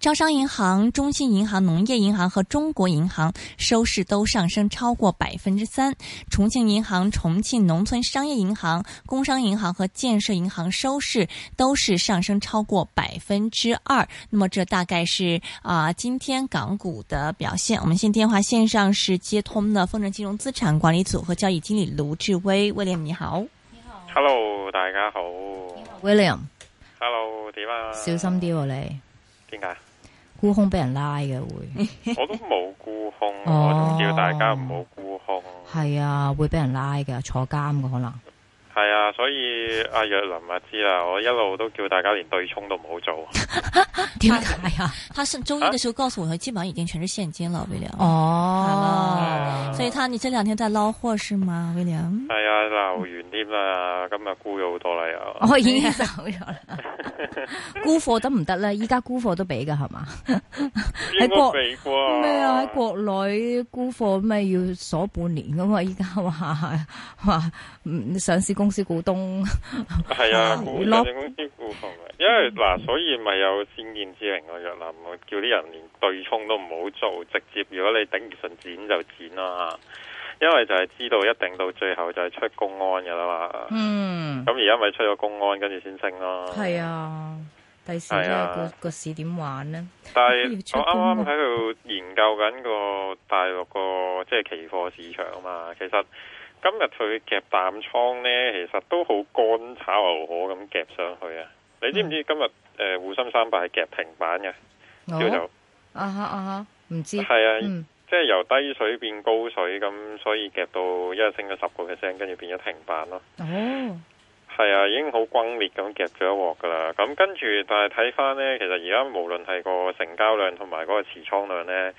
招商銀行、中信銀行、農業銀行和中國銀行收市都上升超過百分之三，重慶銀行、重慶農村商業銀行、工商銀行和建設銀行收市都是上升超過百分之二。那麼這大概是啊、呃，今天港股的表現。我們現電話線上是接通了豐盛金融資產管理組和交易經理盧志威，威廉你好，你好，Hello，大家好,好，William，Hello，、啊、點啊，小心啲喎你，點解？沽空俾人拉嘅會， 我都冇沽空、啊，oh. 我仲叫大家唔好沽空、啊。係啊，會俾人拉嘅，坐監嘅可能。係啊，所以阿、啊、若林啊知啦，我一路都叫大家連對沖都唔好做。點解 啊？ 啊 他做嘅隻小歌賦佢基本上已經全是現金啦，William。哦、啊，啊、所以他你這兩天在撈貨是嗎，William？係啊，撈完啲啦，今日沽咗好多啦又。我已經走咗啦。沽貨得唔得咧？依家沽貨都俾噶係嘛？喺國咩啊？喺國內沽貨咩要鎖半年噶嘛？依家話話上市公。公司股東係 啊，股東、啊、因為嗱，啊、所以咪有先見之明咯。若林、嗯，我叫啲人連對沖都唔好做，直接如果你頂唔順，剪就剪啦。因為就係知道一定到最後就係出公安噶啦嘛。嗯，咁而家咪出咗公安，跟住先升咯。係啊，第時咧個個市點玩呢？啊、但係我啱啱喺度研究緊個大陸個即係期貨市場啊嘛，其實。今日佢夾淡倉呢，其實都好乾炒牛河咁夾上去啊！你知唔知今日誒滬深三百係夾停板嘅？叫做、哦、做啊哈啊哈唔知係啊，嗯、即係由低水變高水咁，所以夾到一日升咗十個 percent，跟住變咗停板咯。哦，係啊，已經好轟烈咁夾咗一鑊噶啦。咁跟住，但係睇翻呢，其實而家無論係個成交量同埋嗰個持倉量呢，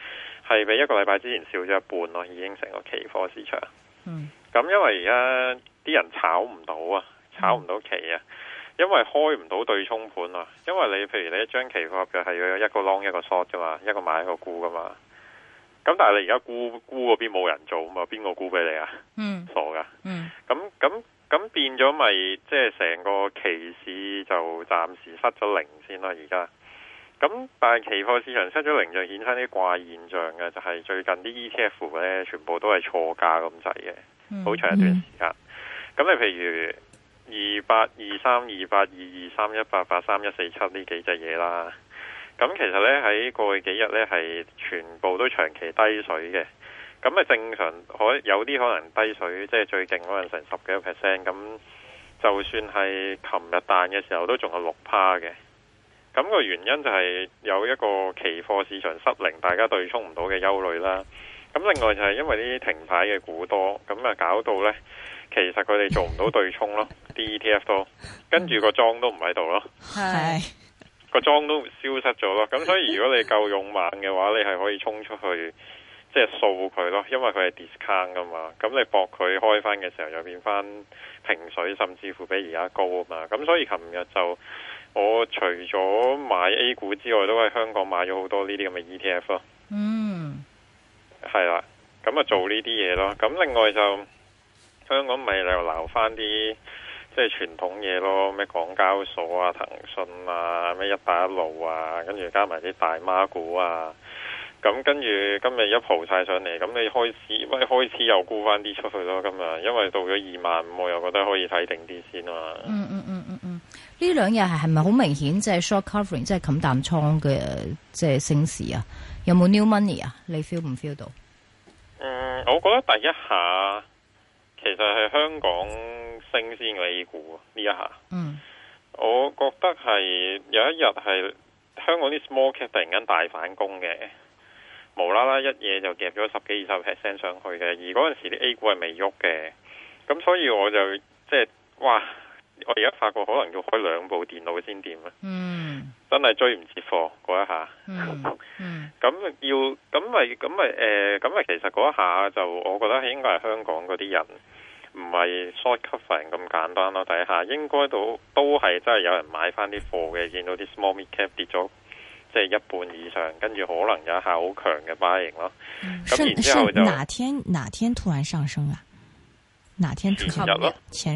係比一個禮拜之前少咗一半咯，已經成個期貨市場。咁因為而家啲人炒唔到啊，炒唔到期啊，因為開唔到對沖盤啊，因為你譬如你一張期貨合約係要一個 long 一個 short 啫嘛，一個買一個沽噶嘛。咁但係你而家沽沽嗰邊冇人做嘛，咁啊邊個沽俾你啊？嗯，傻噶的。嗯，咁咁咁變咗咪即係成個期市就暫時失咗零先啦。而家，咁但係期貨市場失咗零就顯出啲怪現象嘅，就係最近啲 ETF 咧全部都係錯價咁滯嘅。好長一段時間，咁、mm hmm. 你譬如二八二三、二八二二、三一八八、三一四七呢幾隻嘢啦，咁其實呢，喺過去幾日呢，係全部都長期低水嘅。咁啊正常可有啲可能低水，即係最勁可能成十幾個 percent，咁就算係琴日彈嘅時候都仲係六趴嘅，咁、個原因就係有一個期貨市場失靈，大家對沖唔到嘅憂慮啦。咁另外就係因為呢啲停牌嘅股多，咁啊搞到呢，其實佢哋做唔到對沖咯，啲 ETF 多，跟住個莊都唔喺度咯，係 個莊都消失咗咯。咁所以如果你夠勇猛嘅話，你係可以衝出去，即係掃佢咯。因為佢係 discount 噶嘛，咁你搏佢開翻嘅時候又變翻平水，甚至乎比而家高啊嘛。咁所以琴日就我除咗買 A 股之外，都喺香港買咗好多呢啲咁嘅 ETF 咯。嗯。係啦，咁啊做呢啲嘢咯。咁另外就香港咪又留翻啲即係傳統嘢咯，咩港交所啊、騰訊啊、咩一帶一路啊，跟住加埋啲大媽股啊。咁跟住今日一蒲晒上嚟，咁你開始喂開始又沽翻啲出去咯。今日因為到咗二萬五，我又覺得可以睇定啲先啊。嗯嗯嗯嗯嗯，呢、嗯嗯、兩日係咪好明顯即係 short covering，即係冚淡倉嘅、嗯嗯嗯嗯、即係升市啊？有冇 new money 啊？你 feel 唔 feel 到？嗯，我覺得第一下其實係香港升先嘅 A 股，呢一下。嗯，我覺得係有一日係香港啲 small cap 突然間大反攻嘅，無啦啦一嘢就夾咗十幾二十 percent 上去嘅。而嗰陣時啲 A 股係未喐嘅，咁所以我就即係哇！我而家發覺可能要開兩部電腦先掂啊。嗯。真係追唔切貨嗰一下，嗯嗯，咁、嗯嗯嗯、要咁咪咁咪誒，咁咪、呃、其實嗰一下就我覺得應該係香港嗰啲人唔係 short c o u e 份咁簡單咯，睇下應該都都係真係有人買翻啲貨嘅，見到啲 small cap 跌咗即係一半以上，跟住可能有一下好強嘅 buying 咯。咁然之後就是。是哪天哪天突然上升啊？哪天前日咯，琴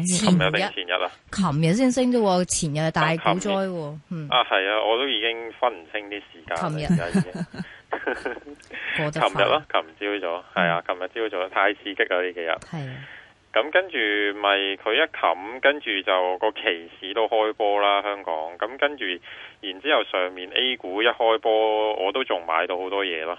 日定前日啊？琴日先升啫，前日大股災，啊日。嗯啊，啊係啊，我都已經分唔清啲時間。琴日，我 得反煩。琴日咯，琴朝早係、嗯、啊，琴日朝早太刺激是啊！呢幾日係。咁跟住咪佢一冚，跟住就個期市都開波啦，香港。咁跟住，然之後，後上面 A 股一開波，我都仲買到好多嘢咯。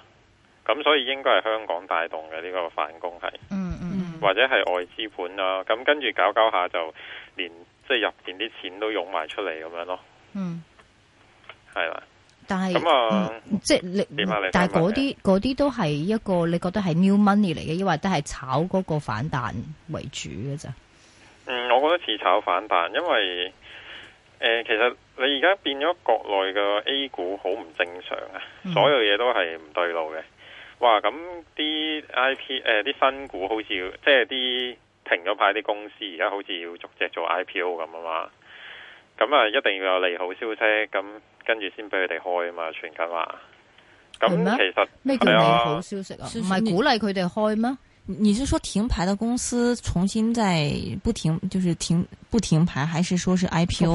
咁、嗯、所以應該係香港帶動嘅呢、呢個反攻係、嗯。嗯嗯。或者係外資盤啊，咁跟住搞搞下就連即係入邊啲錢都湧埋出嚟，咁樣咯。嗯，係啦。但係是咁啊，即係你，你但係嗰啲嗰啲都係一個你覺得係 new money 嚟嘅，抑或都係炒嗰個反彈為主嘅咋？嗯，我覺得似炒反彈，因為誒、呃，其實你而家變咗國內嘅 A 股好唔正常啊，所有嘢都係唔對路嘅。嗯哇，咁啲 I P 誒啲新股好似即係啲停咗牌啲公司而家好似要逐隻做 I P O 咁啊嘛，咁啊一定要有利好消息，咁跟住先俾佢哋開啊嘛，全錦華。咁嗎其實咩叫利好消息啊？唔係鼓勵佢哋開咩？你是說停牌嘅公司重新再不停，就是停不停牌，還是說是 I P O？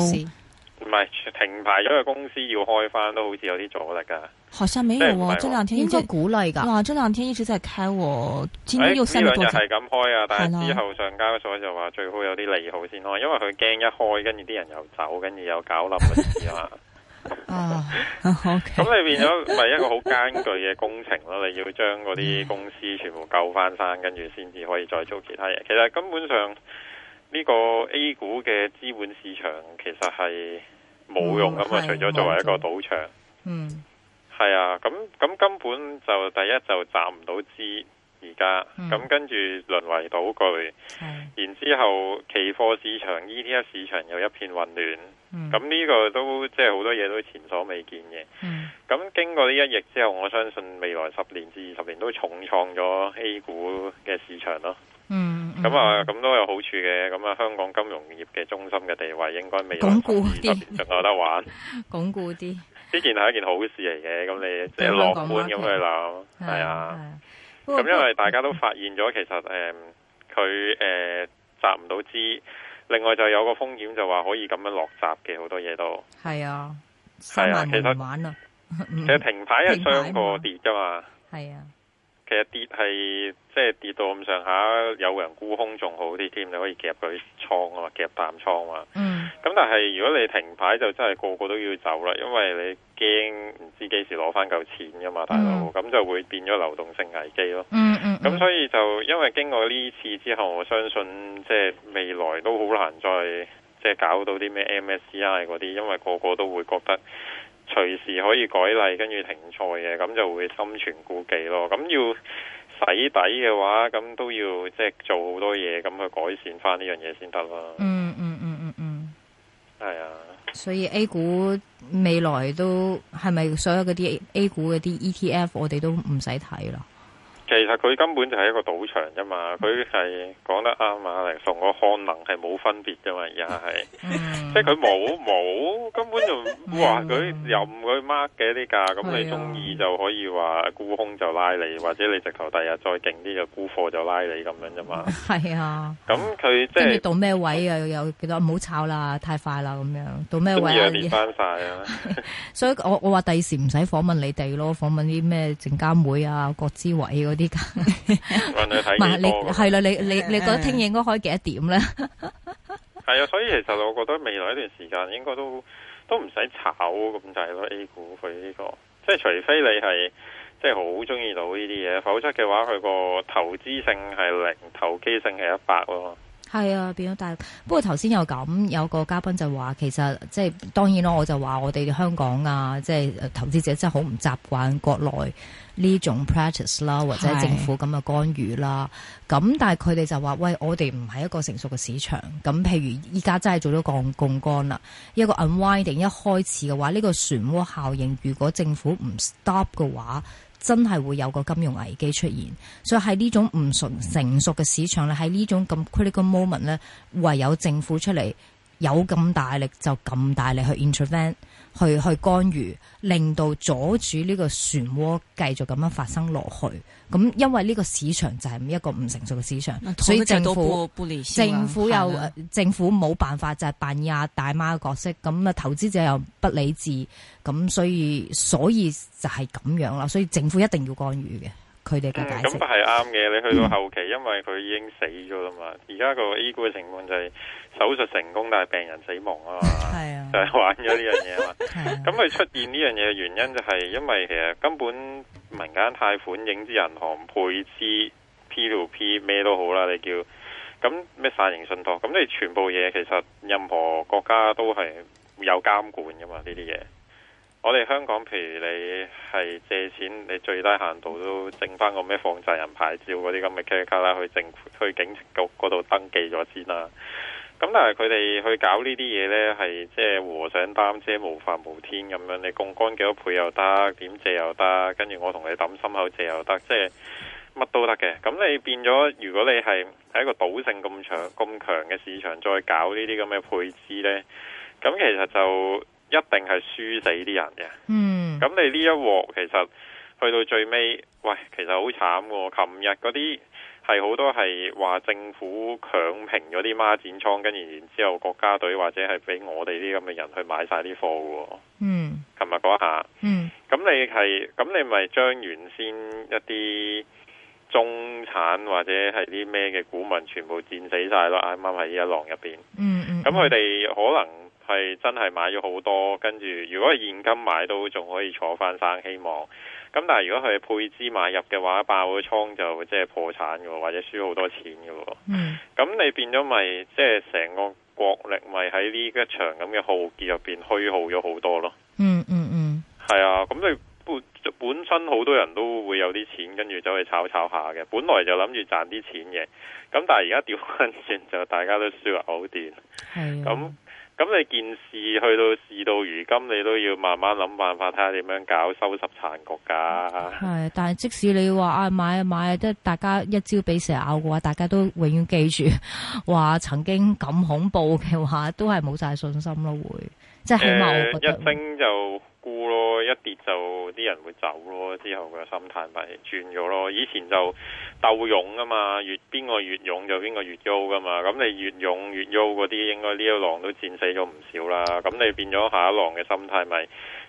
唔係停牌，咗個公司要開翻都好似有啲阻力噶。好像沒有啊。哦，這兩天應該鼓勵噶。為哇，這兩天一直在開，今天又三度。係咁開啊，但係之後上交所就話最好有啲利好先開，因為佢驚一開，跟住啲人又走，跟住又搞冧嘅事嘛。哦，咁你變咗咪一個好艱巨嘅工程咯？ 你要將嗰啲公司全部救翻翻，跟住先至可以再做其他嘢。其實根本上呢個 A 股嘅資本市場其實係。冇用咁啊！嗯、除咗作為一個賭場，嗯，係啊，咁咁根本就第一就賺唔到資，而家咁跟住淪為賭具，嗯、然之後期貨市場、ETF 市場又一片混亂，咁呢、嗯、個都即係好多嘢都前所未見嘅。咁、嗯、經過呢一役之後，我相信未來十年至二十年都重創咗 A 股嘅市場咯。咁、嗯、啊，咁都有好處嘅。咁、嗯、啊，香港金融業嘅中心嘅地位應該未有鞏固啲，特別有得玩，鞏固啲。呢件係一件好事嚟嘅。咁你即係樂觀咁去諗，係啊。咁因為大家都發現咗，其實誒佢誒集唔到資，另外就有個風險，就話可以咁樣落閘嘅，好多嘢都係啊，係啊，其實玩、嗯、啊，其實停牌係雙過跌㗎嘛，係啊。其實跌係即係跌到咁上下，有人沽空仲好啲添，你可以夾佢倉啊嘛，夾淡倉啊嘛。咁、嗯、但係如果你停牌就真係個個都要走啦，因為你驚唔知幾時攞翻嚿錢噶嘛，大佬。咁、嗯、就會變咗流動性危機咯。嗯咁、嗯、所以就因為經過呢次之後，我相信即係未來都好難再即係搞到啲咩 MSCI 嗰啲，因為個個都會覺得。隨時可以改例，跟住停賽嘅，咁就會心存顧忌咯。咁要洗底嘅話，咁都要即係、就是、做好多嘢，咁去改善翻呢樣嘢先得咯。嗯嗯嗯嗯嗯，係、嗯嗯嗯嗯、啊。所以 A 股未來都係咪所有嗰啲 A 股嗰啲 ETF，我哋都唔使睇啦。其實佢根本就係一個賭場啫嘛，佢係講得啱嘛，嚟同個漢能係冇分別啫嘛，而家係。嗯即係佢冇冇，根本就話佢任佢 mark 嘅啲價，咁你中意就可以話沽空就拉你，或者你直頭第日再勁啲就沽貨就拉你咁樣啫嘛。係啊，咁佢即係到咩位啊？有幾多？唔好炒啦，太快啦，咁樣到咩位啊？一年翻晒啊！所以我我話第時唔使訪問你哋咯，訪問啲咩證監會啊、國資委嗰啲。我哋睇唔到。你係啦，你你你覺得聽日應該開幾多點咧？係啊，所以其實我覺得未來一段時間應該都都唔使炒咁滯咯，A 股佢呢個，即係除非你係即係好鍾意到呢啲嘢，否則嘅話佢個投資性係零，投機性係一百咯。係啊，變咗大。不過頭先有咁有個嘉賓就話，其實即係當然咯，我就話我哋香港啊，即係投資者真係好唔習慣國內呢種 practice 啦，或者政府咁嘅干預啦。咁是但係佢哋就話：喂，我哋唔係一個成熟嘅市場。咁譬如依家真係做咗槓桿啦，一個 unwinding，一開始嘅話，呢個漩渦效應，如果政府唔 stop 嘅話，真係會有個金融危機出現，所以喺呢種唔純成熟嘅市場咧，喺呢種咁 critical moment 咧，唯有政府出嚟有咁大力就咁大力去 intervene。去去干預，令到阻住呢個漩渦繼續咁樣發生落去。咁因為呢個市場就係一個唔成熟嘅市場， 所以政府 政府又 政府冇辦法就係、是、扮演阿大媽嘅角色。咁啊，投資者又不理智，咁所以所以就係咁樣啦。所以政府一定要干預嘅。佢哋咁解釋，係啱嘅。你去到後期，嗯、因為佢已經死咗啦嘛。而家個 A 股嘅情況就係手術成功，但係病人死亡啊嘛。係啊，就係玩咗呢樣嘢嘛。咁佢 出現呢樣嘢嘅原因就係、是、因為其實根本民間貸款影子銀行配資 P2P 咩都好啦，你叫咁咩傘形信託，咁你全部嘢其實任何國家都係有監管噶嘛，呢啲嘢。我哋香港，譬如你係借錢，你最低限度都整翻個咩放債人牌照嗰啲咁嘅卡啦，去政府去警察局嗰度登記咗先啦。咁但係佢哋去搞呢啲嘢呢，係即係和尚擔遮，無法無天咁樣。你槓桿幾多倍又得，點借又得，跟住我同你抌心口借又得，即係乜都得嘅。咁你變咗，如果你係喺一個賭性咁強、咁強嘅市場，再搞呢啲咁嘅配置呢，咁其實就。一定係輸死啲人嘅。嗯。咁你呢一鑊其實去到最尾，喂，其實好慘喎。琴日嗰啲係好多係話政府強平咗啲孖展倉，跟住然後之後國家隊或者係俾我哋啲咁嘅人去買晒啲貨嘅。嗯。琴日講下。嗯。咁你係，咁你咪將原先一啲中產或者係啲咩嘅股民全部戰死晒咯？啱啱喺呢一浪入邊。嗯。嗯嗯。咁佢哋可能。係真係買咗好多，跟住如果現金買到仲可以坐翻生，希望。咁但係如果佢係配資買入嘅話，爆咗倉就即係破產嘅，或者輸好多錢嘅、嗯嗯。嗯。咁你變咗咪即係成個國力咪喺呢一場咁嘅浩劫入邊虛耗咗好多咯。嗯嗯嗯。係啊，咁你本身好多人都會有啲錢，跟住走去炒炒下嘅，本來就諗住賺啲錢嘅。咁但係而家掉翻轉，就大家都輸入藕斷。咁、啊。嗯咁你件事去到事到如今，你都要慢慢諗辦法，睇下點樣搞，收拾殘局㗎。係，但係即使你話啊買啊買啊，即係大家一朝俾蛇咬嘅話，大家都永遠記住話曾經咁恐怖嘅話，都係冇晒信心咯。會即係、呃、起碼我覺得。咯，一跌就啲人會走咯，之後個心態咪轉咗咯。以前就鬥勇啊嘛，越邊個越勇就邊個越優噶嘛。咁你越勇越優嗰啲，應該呢一浪都戰死咗唔少啦。咁你變咗下一浪嘅心態咪，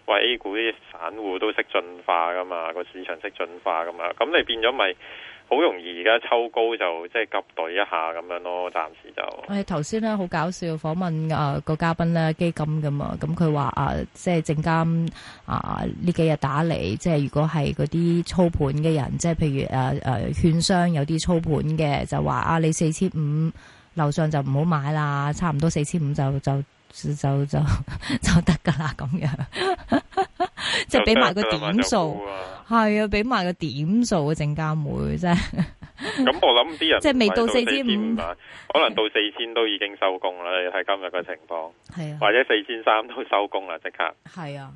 喂 A 股啲散戶都識進化噶嘛，個市場識進化噶嘛。咁你變咗咪、就係？好容易而家抽高就即係急懟一下咁樣咯，暫時就。我哋頭先咧好搞笑，訪問啊、呃那個嘉賓咧基金噶、嗯、啊。咁佢話啊即係證監啊呢幾日打嚟，即係如果係嗰啲操盤嘅人，即係譬如誒誒、啊呃、券商有啲操盤嘅，就話啊你四千五樓上就唔好買啦，差唔多四千五就就就就就得噶啦咁樣。 即係俾埋個點數，係啊、 嗯，俾埋個點數啊！證監會真係，咁我諗啲人即係未到四千五，可能到四千都已經收工啦。你睇 今日嘅情況，係 是啊，啊，或者四千三都收工啦，即刻。係啊，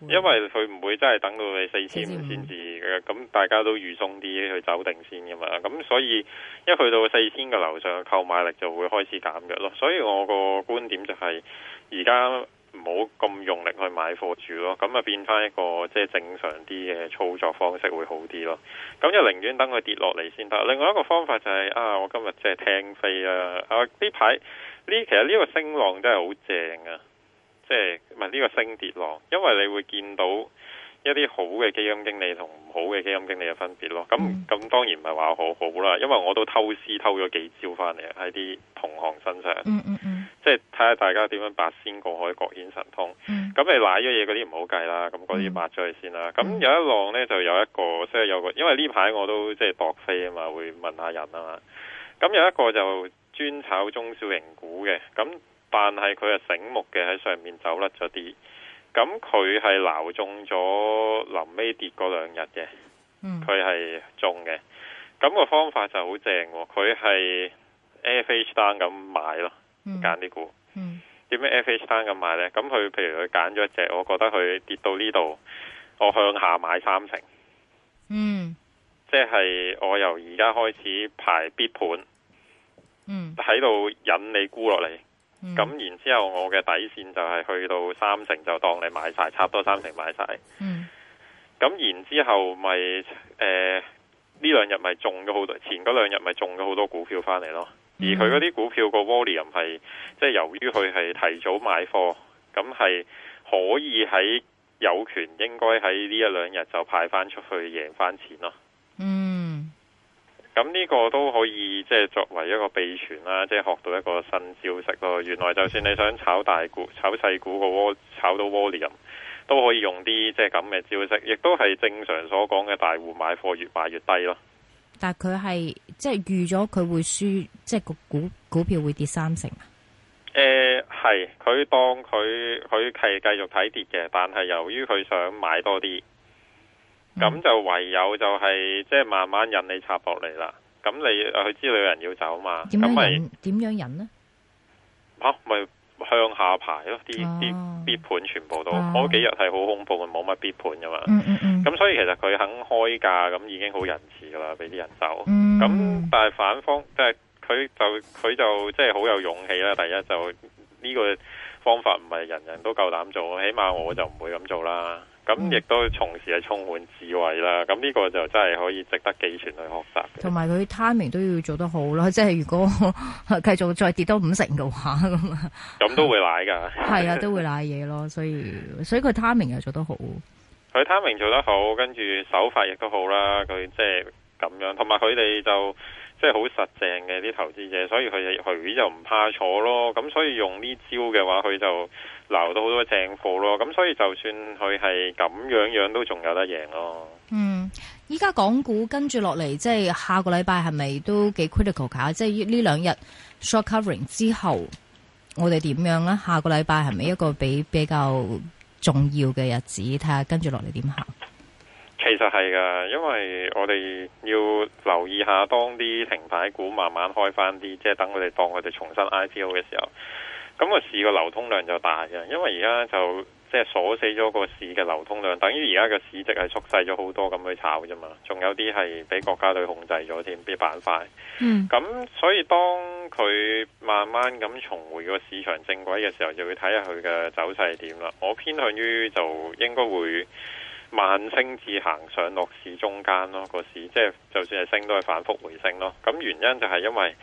因為佢唔會真係等到你四千、 啊、五先至嘅，咁大家都預鬆啲去走定先㗎嘛。咁所以一去到四千嘅樓上，購買力就會開始減弱咯。所以我個觀點就係而家。唔好咁用力去買貨住咯，咁啊變翻一個即係、就是、正常啲嘅操作方式會好啲咯。咁就寧願等佢跌落嚟先得。另外一個方法就係、是、啊，我今日即係聽飛啊啊，呢排呢其實呢個升浪真係好正啊，即係唔係呢個升跌浪？因為你會見到一啲好嘅基金經理同唔好嘅基金經理嘅分別咯。咁咁、嗯、當然唔係話好好啦，因為我都偷師偷咗幾招翻嚟喺啲同行身上。嗯嗯嗯。即係睇下大家點樣八仙過海，各顯神通。咁、mm. 嗯、你賴咗嘢嗰啲唔好計啦。咁嗰啲抹咗去先啦。咁有一浪咧，就有一個，即係有個，因為呢排我都即係墮飛啊嘛，會問下人啊嘛。咁有一個就專炒中小型股嘅，咁但係佢係醒目嘅喺上面走甩咗啲。咁佢係鬧中咗臨尾跌嗰兩日嘅，佢係、mm. 中嘅。咁、那個方法就好正、哦，佢係 F H 單咁買咯。揀啲股，點解、嗯嗯、F H 單咁買呢？咁佢譬如佢揀咗一隻，我覺得佢跌到呢度，我向下買三成。嗯，即係我由而家開始排必盤，嗯，喺度引你沽落嚟。咁、嗯、然之後我嘅底綫就係去到三成，就當你買晒，差唔多三成買晒。咁、嗯、然之後咪誒呢兩日咪中咗好多，前嗰兩日咪中咗好多股票返嚟咯。而佢嗰啲股票個 volume 係，即係由於佢係提早買貨，咁係可以喺有權應該喺呢一兩日就派翻出去贏翻錢咯。嗯，咁呢個都可以即係作為一個秘傳啦，即係學到一個新招式咯。原來就算你想炒大股、炒細股個窩炒到 volume 都可以用啲即係咁嘅招式，亦都係正常所講嘅大戶買貨越買越低咯。但佢係即係預咗佢會輸，即係個股股票會跌三成啊！係、呃，佢當佢佢係繼續睇跌嘅，但係由於佢想買多啲，咁、嗯、就唯有就係、是、即係慢慢引你插落嚟啦。咁你佢知道有人要走嘛？咪點樣忍？點就樣忍呢？好、啊，咪、就是。.向下排咯，啲啲 bid 盤全部都嗰、啊、幾日係好恐怖，冇乜 bid 盤噶嘛。咁、嗯嗯、所以其實佢肯開價咁已經好仁慈噶啦，俾啲人走。咁、嗯、但係反方，即係佢就佢就，就即係好有勇氣啦。第一就呢個方法唔係人人都夠膽做，起碼我就唔會咁做啦。咁亦都從事係充滿智慧啦，咁呢個就真係可以值得寄存去學習，同埋佢 timing 都要做得好啦，即係如果 繼續再跌多五成嘅話，咁 咁都會賴噶。係啊，都會賴嘢咯，所以所以佢 timing 又做得好。佢 timing 做得好，跟住手法亦都好啦。佢即係咁樣，同埋佢哋就。即係好實淨嘅啲投資者，所以佢佢就唔怕坐咯。咁所以用呢招嘅話，佢就撈到好多正貨咯。咁所以就算佢係咁樣樣都仲有得贏咯。嗯，依家港股跟住落嚟，即係下個禮拜係咪都幾 critical 㗎？即係呢兩日 short covering 之後，我哋點樣呢？下個禮拜係咪一個比比較重要嘅日子？睇下跟住落嚟點行。其實係噶，因為我哋要留意下，當啲停牌股慢慢開翻啲，即係等佢哋當佢哋重新 IPO 嘅時候，咁個市個流通量就大嘅。因為而家就即係鎖死咗個市嘅流通量，等於而家嘅市值係縮細咗好多，咁去炒啫嘛。仲有啲係俾國家隊控制咗添啲板塊。嗯，咁所以當佢慢慢咁重回個市場正軌嘅時候，就會睇下佢嘅走勢點啦。我偏向於就應該會。慢升至行上落市中間咯，個市即係就算係升都係反覆回升咯。咁原因就係因為誒、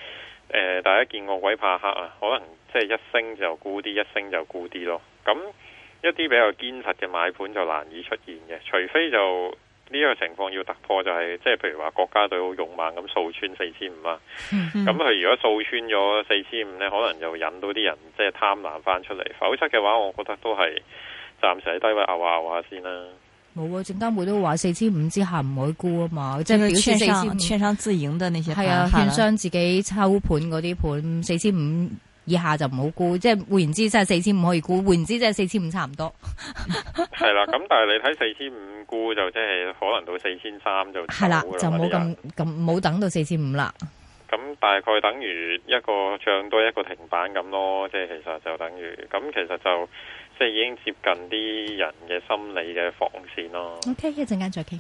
呃，大家見過鬼怕黑啊，可能即係一升就沽啲，一升就沽啲咯。咁一啲比較堅實嘅買盤就難以出現嘅，除非就呢個情況要突破、就是，就係即係譬如話國家隊好勇猛咁掃穿四千五啊。咁佢如果掃穿咗四千五咧，可能就引到啲人即係貪婪翻出嚟。否則嘅話，我覺得都係暫時喺低位拗下拗下先啦。啊啊啊啊啊啊冇，證監會都話四千五之下唔可以沽啊嘛，即係表示四千五。券商 5, 自營的那些係啊，券商自己抽盤嗰啲盤，四千五以下就唔好沽。即係換言之，真係四千五可以沽。換言之，即係四千五差唔多。係 啦，咁但係你睇四千五沽，就即、是、係可能到四千三就冇噶係啦，就冇咁咁，冇等到四千五啦。咁大概等於一個唱多一個停板咁咯，即、就、係、是、其實就等於咁，其實就。即係已經接近啲人嘅心理嘅防線咯。OK，一陣間再傾。